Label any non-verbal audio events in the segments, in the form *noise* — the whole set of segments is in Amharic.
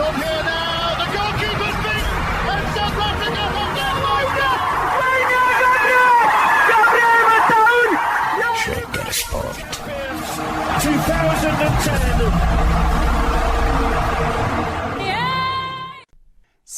Don't hit!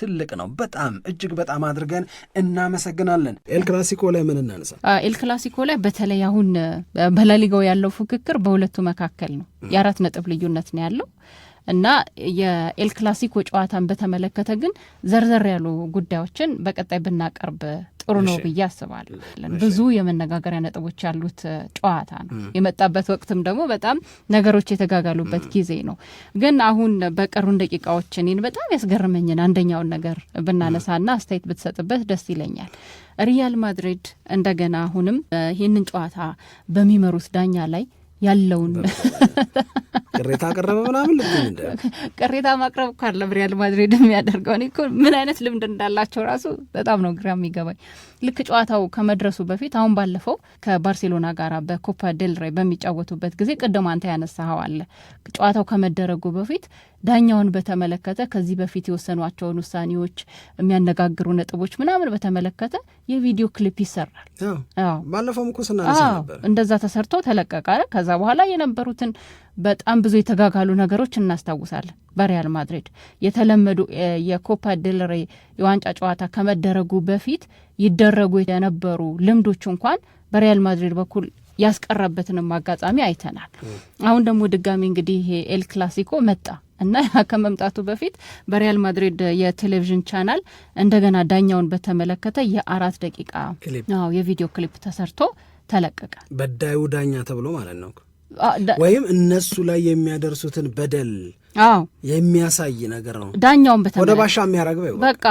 ትልቅ ነው። በጣም እጅግ በጣም አድርገን እናመሰግናለን። ኤል ክላሲኮ ላይ ምን እናነሳ? ኤል ክላሲኮ ላይ በተለይ አሁን በላሊጋው ያለው ፉክክር በሁለቱ መካከል ነው። የአራት ነጥብ ልዩነት ነው ያለው እና የኤል ክላሲኮ ጨዋታን በተመለከተ ግን ዘርዘር ያሉ ጉዳዮችን በቀጣይ ብናቀርብ ጥሩ ነው ብዬ አስባለሁ። ብዙ የመነጋገሪያ ነጥቦች ያሉት ጨዋታ ነው። የመጣበት ወቅትም ደግሞ በጣም ነገሮች የተጋጋሉበት ጊዜ ነው። ግን አሁን በቀሩን ደቂቃዎች እኔን በጣም ያስገርመኝን አንደኛውን ነገር ብናነሳና አስተያየት ብትሰጥበት ደስ ይለኛል። ሪያል ማድሪድ እንደገና አሁንም ይህንን ጨዋታ በሚመሩት ዳኛ ላይ ያለውን ቅሬታ አቀረበ ምናምን ልንደ ቅሬታ ማቅረብ እኮ አለ ሪያል ማድሪድ የሚያደርገው። እኔ እኮ ምን አይነት ልምድ እንዳላቸው ራሱ በጣም ነው ግራ የሚገባኝ። ልክ ጨዋታው ከመድረሱ በፊት አሁን ባለፈው ከባርሴሎና ጋር በኮፓ ዴል ሬይ በሚጫወቱበት ጊዜ ቅድም አንተ ያነሳኸው አለ ጨዋታው ከመደረጉ በፊት ዳኛውን በተመለከተ ከዚህ በፊት የወሰኗቸውን ውሳኔዎች የሚያነጋግሩ ነጥቦች ምናምን በተመለከተ የቪዲዮ ክሊፕ ይሰራል። ባለፈውም እኮ ስናነሳ ነበር። እንደዛ ተሰርቶ ተለቀቀ። ከዛ በኋላ የነበሩትን በጣም ብዙ የተጋጋሉ ነገሮች እናስታውሳለን። በሪያል ማድሪድ የተለመዱ የኮፓ ድልሬ የዋንጫ ጨዋታ ከመደረጉ በፊት ይደረጉ የነበሩ ልምዶች እንኳን በሪያል ማድሪድ በኩል ያስቀረበትንም አጋጣሚ አይተናል። አሁን ደግሞ ድጋሚ እንግዲህ ይሄ ኤል ክላሲኮ መጣ እና ከመምጣቱ በፊት በሪያል ማድሪድ የቴሌቪዥን ቻናል እንደገና ዳኛውን በተመለከተ የአራት ደቂቃ የቪዲዮ ክሊፕ ተሰርቶ ተለቀቀ። በዳዩ ዳኛ ተብሎ ማለት ነው ወይም እነሱ ላይ የሚያደርሱትን በደል አዎ የሚያሳይ ነገር ነው። ዳኛውን በተ ወደ ባሻ የሚያረግበ በቃ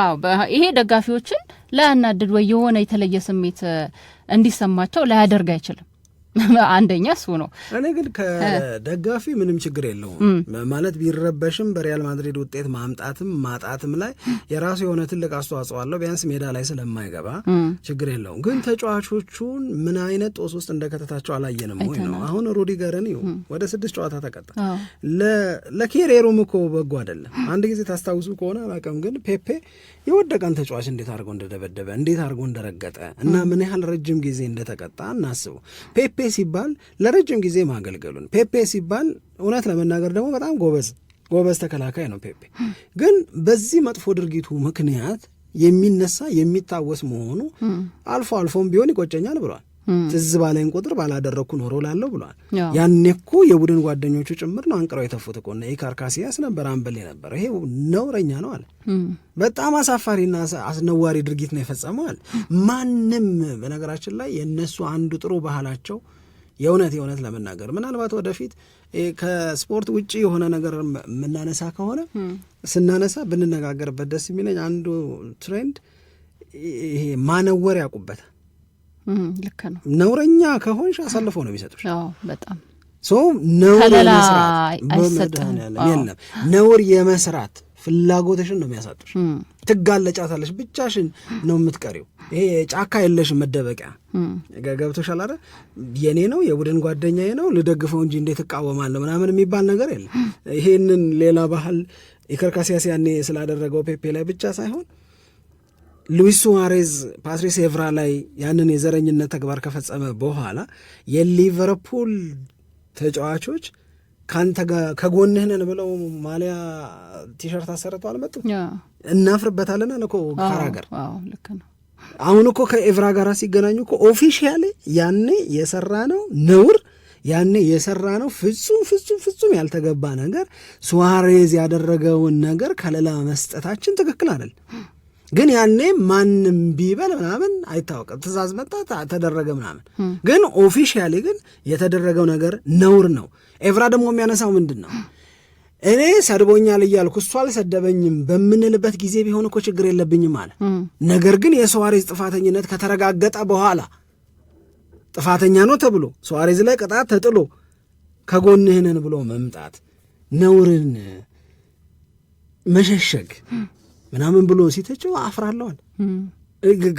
ይሄ ደጋፊዎችን ላያናድድ ወይ የሆነ የተለየ ስሜት እንዲሰማቸው ላያደርግ አይችልም። *laughs* አንደኛ እሱ ነው። እኔ ግን ከደጋፊ ምንም ችግር የለውም ማለት ቢረበሽም በሪያል ማድሪድ ውጤት ማምጣትም ማጣትም ላይ የራሱ የሆነ ትልቅ አስተዋጽኦ አለው። ቢያንስ ሜዳ ላይ ስለማይገባ ችግር የለውም። ግን ተጫዋቾቹን ምን አይነት ጦስ ውስጥ እንደከተታቸው አላየንም ወይ ነው። አሁን ሩዲገርን ይሁ ወደ ስድስት ጨዋታ ተቀጣ። ለኬሬሩም እኮ በጎ አይደለም። አንድ ጊዜ ታስታውሱ ከሆነ አላውቅም፣ ግን ፔፔ የወደቀን ተጫዋች እንዴት አድርጎ እንደደበደበ እንዴት አድርጎ እንደረገጠ እና ምን ያህል ረጅም ጊዜ እንደተቀጣ እናስቡ ፔፔ ሲባል ለረጅም ጊዜ ማገልገሉን፣ ፔፔ ሲባል እውነት ለመናገር ደግሞ በጣም ጎበዝ ጎበዝ ተከላካይ ነው። ፔፔ ግን በዚህ መጥፎ ድርጊቱ ምክንያት የሚነሳ የሚታወስ መሆኑ አልፎ አልፎም ቢሆን ይቆጨኛል ብሏል። ትዝ ባለኝ ቁጥር ባላደረግኩ ኖሮ ላለው ብሏል። ያኔ እኮ የቡድን ጓደኞቹ ጭምር ነው አንቅረው የተፉት እኮ እና ኢካር ካሲያስ ነበር አንበል የነበረ ይሄ ነውረኛ ነው አለ። በጣም አሳፋሪና አስነዋሪ ድርጊት ነው የፈጸመው አለ። ማንም በነገራችን ላይ የእነሱ አንዱ ጥሩ ባህላቸው የእውነት የእውነት ለመናገር ምናልባት ወደፊት ከስፖርት ውጭ የሆነ ነገር የምናነሳ ከሆነ ስናነሳ ብንነጋገርበት ደስ የሚለኝ አንዱ ትሬንድ ይሄ ማነወር ያውቁበታል። ልክ ነው። ነውረኛ ከሆንሽ አሳልፎ ነው የሚሰጡሽ። በጣም ሰው ነውር የመስራት የለም ነውር የመስራት ፍላጎትሽን ነው የሚያሳጡሽ። ትጋለጫታለሽ፣ ብቻሽን ነው የምትቀሪው። ይሄ ጫካ የለሽ መደበቂያ ገብቶሻል አይደል? የኔ ነው የቡድን ጓደኛዬ ነው ልደግፈው እንጂ እንዴት እቃወማለሁ ምናምን የሚባል ነገር የለ። ይሄንን ሌላ ባህል ኢከር ካሲያስ ያኔ ስላደረገው ፔፔ ላይ ብቻ ሳይሆን ሉዊስ ሱዋሬዝ ፓትሪስ ኤቭራ ላይ ያንን የዘረኝነት ተግባር ከፈጸመ በኋላ የሊቨርፑል ተጫዋቾች ከአንተ ጋር ከጎንህ ነን ብለው ማሊያ ቲሸርት አሰርተው አልመጡ እናፍርበታለን አለ እኮ ካራገር። አሁን እኮ ከኤቭራ ጋር ሲገናኙ እኮ ኦፊሻሌ ያኔ የሰራ ነው ነውር ያኔ የሰራ ነው ፍጹም ፍጹም ፍጹም ያልተገባ ነገር፣ ሱዋሬዝ ያደረገውን ነገር ከሌላ መስጠታችን ትክክል አይደል ግን ያኔ ማንም ቢበል ምናምን አይታወቅም። ትእዛዝ መጣ ተደረገ ምናምን፣ ግን ኦፊሻሊ ግን የተደረገው ነገር ነውር ነው። ኤቭራ ደግሞ የሚያነሳው ምንድን ነው? እኔ ሰድቦኛል እያልኩ እሱ አልሰደበኝም በምንልበት ጊዜ ቢሆን እኮ ችግር የለብኝም አለ። ነገር ግን የሱዋሬዝ ጥፋተኝነት ከተረጋገጠ በኋላ ጥፋተኛ ነው ተብሎ ሱዋሬዝ ላይ ቅጣት ተጥሎ ከጎንህንን ብሎ መምጣት ነውርን መሸሸግ ምናምን ብሎ ሲተቸው አፍራለዋል።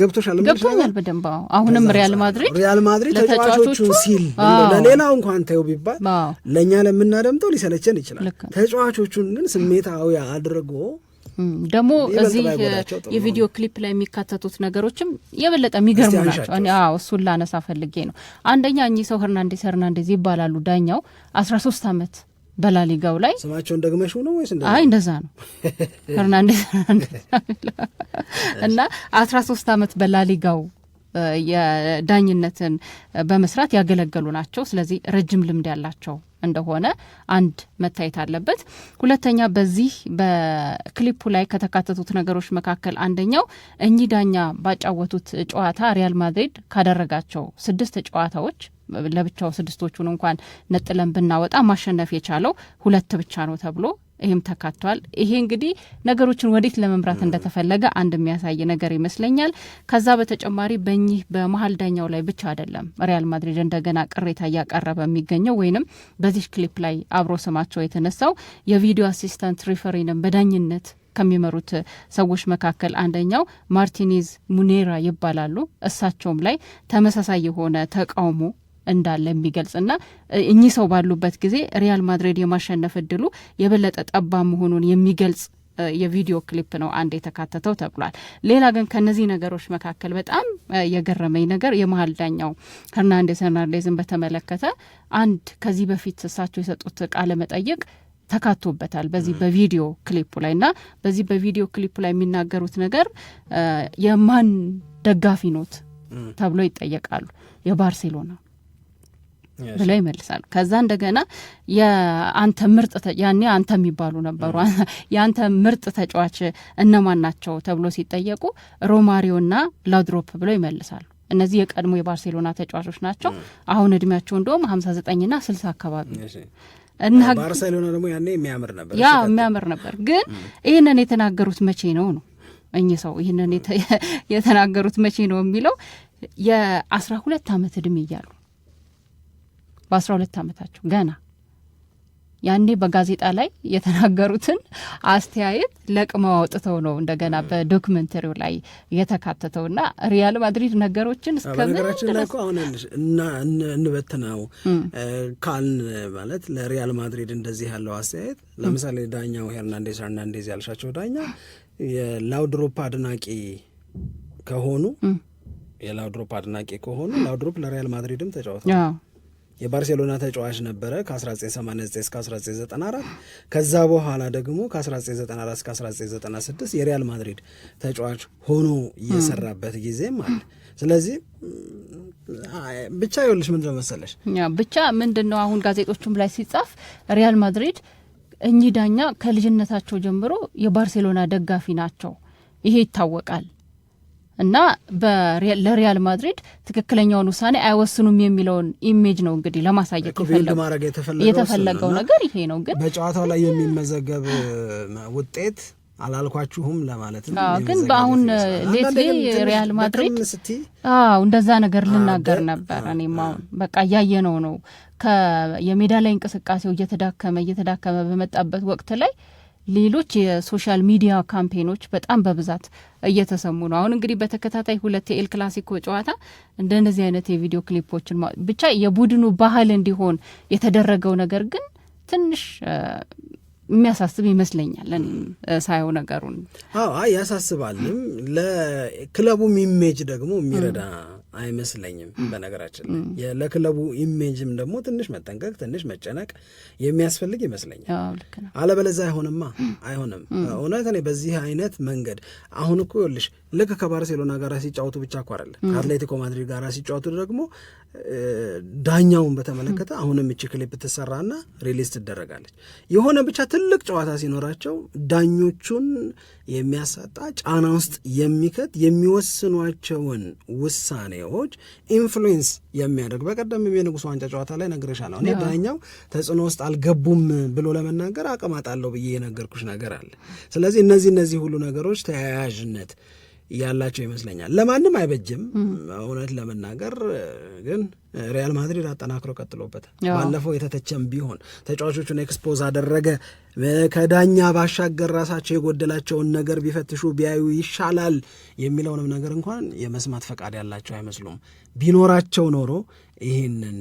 ገብቶሻል? ገብቶኛል በደንብ አሁንም ሪያል ማድሪድ ሪያል ማድሪድ ተጫዋቾቹ ሲል ለሌላው እንኳን ተው ቢባል ለእኛ ለምናደምጠው ሊሰለቸን ይችላል። ተጫዋቾቹን ግን ስሜታዊ አድርጎ ደግሞ እዚህ የቪዲዮ ክሊፕ ላይ የሚካተቱት ነገሮችም የበለጠ የሚገርሙ ናቸው። እሱን ላነሳ ፈልጌ ነው። አንደኛ እኚህ ሰው ሄርናንዴዝ ሄርናንዴዝ ይባላሉ። ዳኛው አስራ ሶስት አመት በላሊጋው ላይ ስማቸውን ደግመሽ ነው ወይስ? አይ እንደዛ ነው *laughs* ፈርናንዴዝ እና አስራ ሶስት አመት በላሊጋው የዳኝነትን በመስራት ያገለገሉ ናቸው። ስለዚህ ረጅም ልምድ ያላቸው እንደሆነ አንድ መታየት አለበት። ሁለተኛ በዚህ በክሊፑ ላይ ከተካተቱት ነገሮች መካከል አንደኛው እኚህ ዳኛ ባጫወቱት ጨዋታ ሪያል ማድሪድ ካደረጋቸው ስድስት ጨዋታዎች ለብቻው ስድስቶቹን እንኳን ነጥለን ብናወጣ ማሸነፍ የቻለው ሁለት ብቻ ነው ተብሎ ይህም ተካቷል። ይሄ እንግዲህ ነገሮችን ወዴት ለመምራት እንደተፈለገ አንድ የሚያሳይ ነገር ይመስለኛል። ከዛ በተጨማሪ በእኚህ በመሀል ዳኛው ላይ ብቻ አይደለም ሪያል ማድሪድ እንደገና ቅሬታ እያቀረበ የሚገኘው ወይንም በዚህ ክሊፕ ላይ አብሮ ስማቸው የተነሳው የቪዲዮ አሲስታንት ሪፈሪንም በዳኝነት ከሚመሩት ሰዎች መካከል አንደኛው ማርቲኒዝ ሙኔራ ይባላሉ። እሳቸውም ላይ ተመሳሳይ የሆነ ተቃውሞ እንዳለ የሚገልጽና እኚህ ሰው ባሉበት ጊዜ ሪያል ማድሪድ የማሸነፍ እድሉ የበለጠ ጠባብ መሆኑን የሚገልጽ የቪዲዮ ክሊፕ ነው አንድ የተካተተው ተብሏል። ሌላ ግን ከነዚህ ነገሮች መካከል በጣም የገረመኝ ነገር የመሀል ዳኛው ሄርናንዴዝ ሄርናንዴዝን በተመለከተ አንድ ከዚህ በፊት እሳቸው የሰጡት ቃለ መጠይቅ ተካቶበታል በዚህ በቪዲዮ ክሊፑ ላይ እና በዚህ በቪዲዮ ክሊፑ ላይ የሚናገሩት ነገር የማን ደጋፊ ኖት ተብሎ ይጠየቃሉ። የባርሴሎና ብለው ይመልሳሉ። ከዛ እንደገና የአንተ ምርጥ ያኔ አንተ የሚባሉ ነበሩ *laughs* የአንተ ምርጥ ተጫዋች እነማን ናቸው ተብሎ ሲጠየቁ ሮማሪዮና ላድሮፕ ብለው ይመልሳሉ። እነዚህ የቀድሞ የባርሴሎና ተጫዋቾች ናቸው። አሁን እድሜያቸው እንደውም ሀምሳ ዘጠኝና ስልሳ አካባቢ እና ባርሴሎና ደግሞ ያኔ የሚያምር ነበር፣ ያ የሚያምር ነበር። ግን ይህንን የተናገሩት መቼ ነው ነው እኚህ ሰው ይህንን *laughs* የተናገሩት መቼ ነው የሚለው የአስራ ሁለት አመት እድሜ እያሉ በአስራ ሁለት አመታቸው ገና ያኔ በጋዜጣ ላይ የተናገሩትን አስተያየት ለቅመው አውጥተው ነው እንደገና በዶክመንተሪው ላይ የተካተተው እና ሪያል ማድሪድ ነገሮችን እስከነገራችን ላይ አሁን እንበትነው ካልን ማለት ለሪያል ማድሪድ እንደዚህ ያለው አስተያየት ለምሳሌ ዳኛው ሄርናንዴዝ ሄርናንዴዝ ያልሻቸው ዳኛ የላውድሮፕ አድናቂ ከሆኑ የላውድሮፕ አድናቂ ከሆኑ ላውድሮፕ ለሪያል ማድሪድም ተጫውተዋል። የባርሴሎና ተጫዋች ነበረ ከ1989 እስከ 1994። ከዛ በኋላ ደግሞ ከ1994 እስከ 1996 የሪያል ማድሪድ ተጫዋች ሆኖ እየሰራበት ጊዜም አለ። ስለዚህ ብቻ ይኸውልሽ ምንድን ነው መሰለሽ ብቻ ምንድን ነው አሁን ጋዜጦቹም ላይ ሲጻፍ ሪያል ማድሪድ እኚህ ዳኛ ከልጅነታቸው ጀምሮ የባርሴሎና ደጋፊ ናቸው፣ ይሄ ይታወቃል እና ለሪያል ማድሪድ ትክክለኛውን ውሳኔ አይወስኑም የሚለውን ኢሜጅ ነው እንግዲህ ለማሳየት የተፈለገው ነገር ይሄ ነው። ግን በጨዋታው ላይ የሚመዘገብ ውጤት አላልኳችሁም ለማለት ነው። ግን በአሁን ሌትሊ ሪያል ማድሪድ አዎ እንደዛ ነገር ልናገር ነበር። እኔም አሁን በቃ እያየነው ነው የሜዳ ላይ እንቅስቃሴው እየተዳከመ እየተዳከመ በመጣበት ወቅት ላይ ሌሎች የሶሻል ሚዲያ ካምፔኖች በጣም በብዛት እየተሰሙ ነው። አሁን እንግዲህ በተከታታይ ሁለት የኤል ክላሲኮ ጨዋታ እንደነዚህ አይነት የቪዲዮ ክሊፖችን ብቻ የቡድኑ ባህል እንዲሆን የተደረገው ነገር ግን ትንሽ የሚያሳስብ ይመስለኛል። ሳየው ነገሩን ያሳስባልም፣ ለክለቡም ኢሜጅ ደግሞ የሚረዳ አይመስለኝም። በነገራችን ላይ ለክለቡ ኢሜጅም ደግሞ ትንሽ መጠንቀቅ፣ ትንሽ መጨነቅ የሚያስፈልግ ይመስለኛል። አለበለዚያ አይሆንማ፣ አይሆንም። እውነት እኔ በዚህ አይነት መንገድ አሁን እኮ ይኸውልሽ ልክ ከባርሴሎና ጋር ሲጫወቱ ብቻ እኮ አይደለ ከአትሌቲኮ ማድሪድ ጋር ሲጫወቱ ደግሞ ዳኛውን በተመለከተ አሁንም እቺ ክሊፕ ትሰራና ሪሊዝ ትደረጋለች። የሆነ ብቻ ትልቅ ጨዋታ ሲኖራቸው ዳኞቹን የሚያሳጣ ጫና ውስጥ የሚከት የሚወስኗቸውን ውሳኔው ጉዳዮች ኢንፍሉዌንስ የሚያደርግ በቀደም የንጉሥ ዋንጫ ጨዋታ ላይ ነግሬሻለሁ። እኔ ዳኛው ተጽዕኖ ውስጥ አልገቡም ብሎ ለመናገር አቅም አጣለሁ ብዬ የነገርኩሽ ነገር አለ። ስለዚህ እነዚህ እነዚህ ሁሉ ነገሮች ተያያዥነት ያላቸው ይመስለኛል። ለማንም አይበጅም እውነት ለመናገር ግን ሪያል ማድሪድ አጠናክሮ ቀጥሎበታል። ባለፈው የተተቸም ቢሆን ተጫዋቾቹን ኤክስፖዝ አደረገ። ከዳኛ ባሻገር ራሳቸው የጎደላቸውን ነገር ቢፈትሹ ቢያዩ ይሻላል የሚለውንም ነገር እንኳን የመስማት ፈቃድ ያላቸው አይመስሉም። ቢኖራቸው ኖሮ ይህንን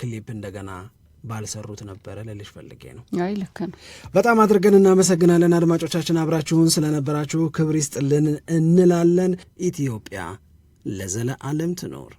ክሊፕ እንደገና ባልሰሩት ነበረ ልልሽ ፈልጌ ነው። አይ ልክ ነው። በጣም አድርገን እናመሰግናለን። አድማጮቻችን አብራችሁን ስለነበራችሁ ክብር ይስጥልን እንላለን። ኢትዮጵያ ለዘለዓለም ትኖር።